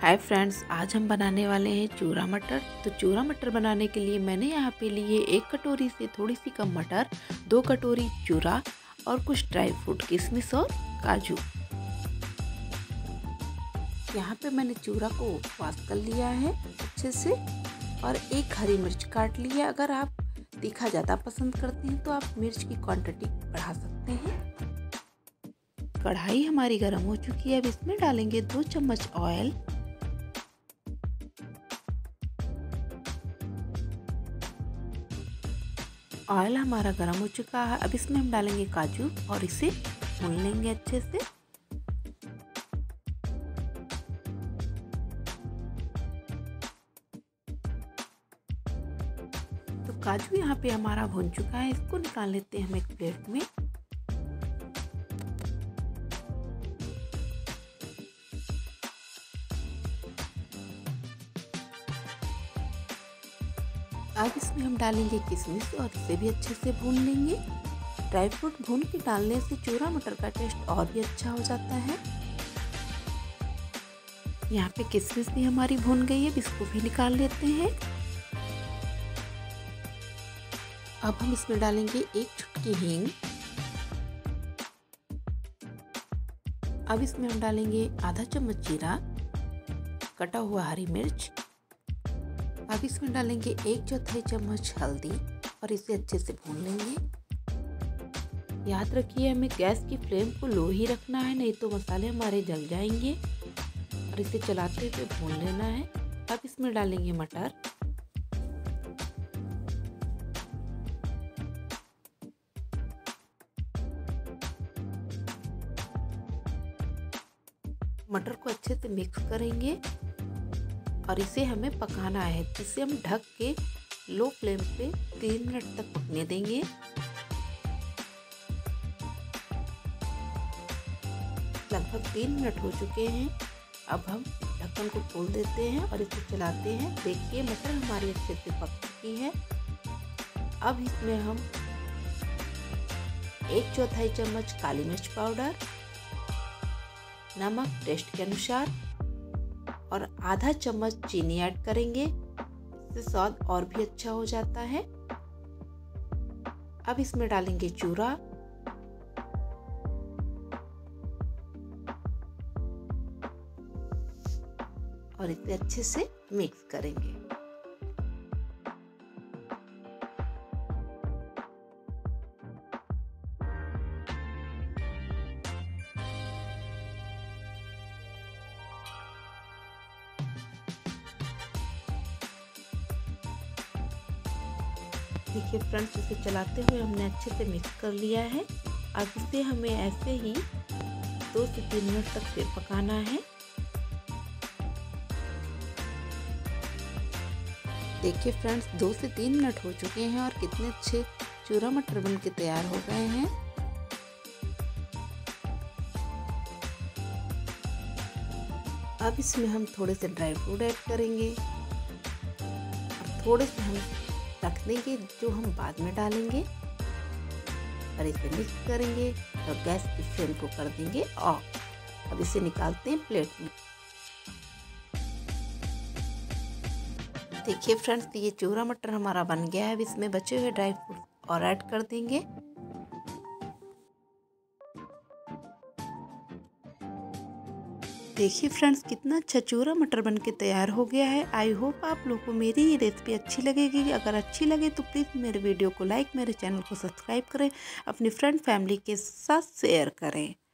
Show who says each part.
Speaker 1: हाय friends आज हम बनाने वाले हैं चूरा मटर तो चूरा मटर बनाने के लिए मैंने यहाँ पे लिए एक कटोरी से थोड़ी सी कम मटर दो कटोरी चूरा और कुछ ड्राई फ्रूट किशमिश और काजू यहाँ पे मैंने चूरा को वाश कर लिया है अच्छे से और एक हरी मिर्च काट ली है अगर आप तीखा ज़्यादा पसंद करते हैं तो आप मिर्च की क्वांटिटी बढ़ा सकते हैं कढ़ाई हमारी गर्म हो चुकी है अब इसमें डालेंगे दो चम्मच ऑयल ऑयल हमारा गर्म हो चुका है अब इसमें हम डालेंगे काजू और इसे भून लेंगे अच्छे से तो काजू यहाँ पे हमारा भून चुका है इसको निकाल लेते हैं हम एक प्लेट में अब इसमें हम डालेंगे किशमिश और इसे भी अच्छे से भून लेंगे ड्राई फ्रूट भून के डालने से चूरा मटर का टेस्ट और भी अच्छा हो जाता है यहाँ पे किशमिश भी हमारी भून गई है इसको भी निकाल लेते हैं अब हम इसमें डालेंगे एक चुटकी हींग अब इसमें हम डालेंगे आधा चम्मच जीरा कटा हुआ हरी मिर्च अब इसमें डालेंगे एक चौथाई चम्मच हल्दी और इसे अच्छे से भून लेंगे याद रखिए हमें गैस की फ्लेम को लो ही रखना है नहीं तो मसाले हमारे जल जाएंगे और इसे चलाते हुए भून लेना है अब इसमें डालेंगे मटर मटर को अच्छे से मिक्स करेंगे और इसे हमें पकाना है इसे हम ढक के लो फ्लेम पे तीन मिनट तक पकने देंगे लगभग तीन मिनट हो चुके हैं अब हम ढक्कन को खोल देते हैं और इसे चलाते हैं देखिए मटर हमारी अच्छे से पक चुकी है अब इसमें हम एक चौथाई चम्मच काली मिर्च पाउडर नमक टेस्ट के अनुसार और आधा चम्मच चीनी ऐड करेंगे इससे स्वाद और भी अच्छा हो जाता है अब इसमें डालेंगे चूरा और इसे अच्छे से मिक्स करेंगे देखिए फ्रेंड्स इसे चलाते हुए हमने अच्छे से मिक्स कर लिया है अब इसे हमें ऐसे ही दो से तीन मिनट तक फिर पकाना है देखिए फ्रेंड्स दो से तीन मिनट हो चुके हैं और कितने अच्छे चूरा मटर बन के तैयार हो गए हैं अब इसमें हम थोड़े से ड्राई फ्रूट ऐड करेंगे और थोड़े से हम रख देंगे जो हम बाद में डालेंगे और इसे मिक्स करेंगे और तो गैस की फ्लेम को कर देंगे ऑफ अब इसे निकालते हैं प्लेट में देखिए फ्रेंड्स ये चूरा मटर हमारा बन गया है अब इसमें बचे हुए ड्राई फ्रूट और ऐड कर देंगे देखिए फ्रेंड्स कितना अच्छा चूरा मटर बन के तैयार हो गया है आई होप आप लोगों को मेरी ये रेसिपी अच्छी लगेगी अगर अच्छी लगे तो प्लीज़ मेरे वीडियो को लाइक मेरे चैनल को सब्सक्राइब करें अपने फ्रेंड फैमिली के साथ शेयर करें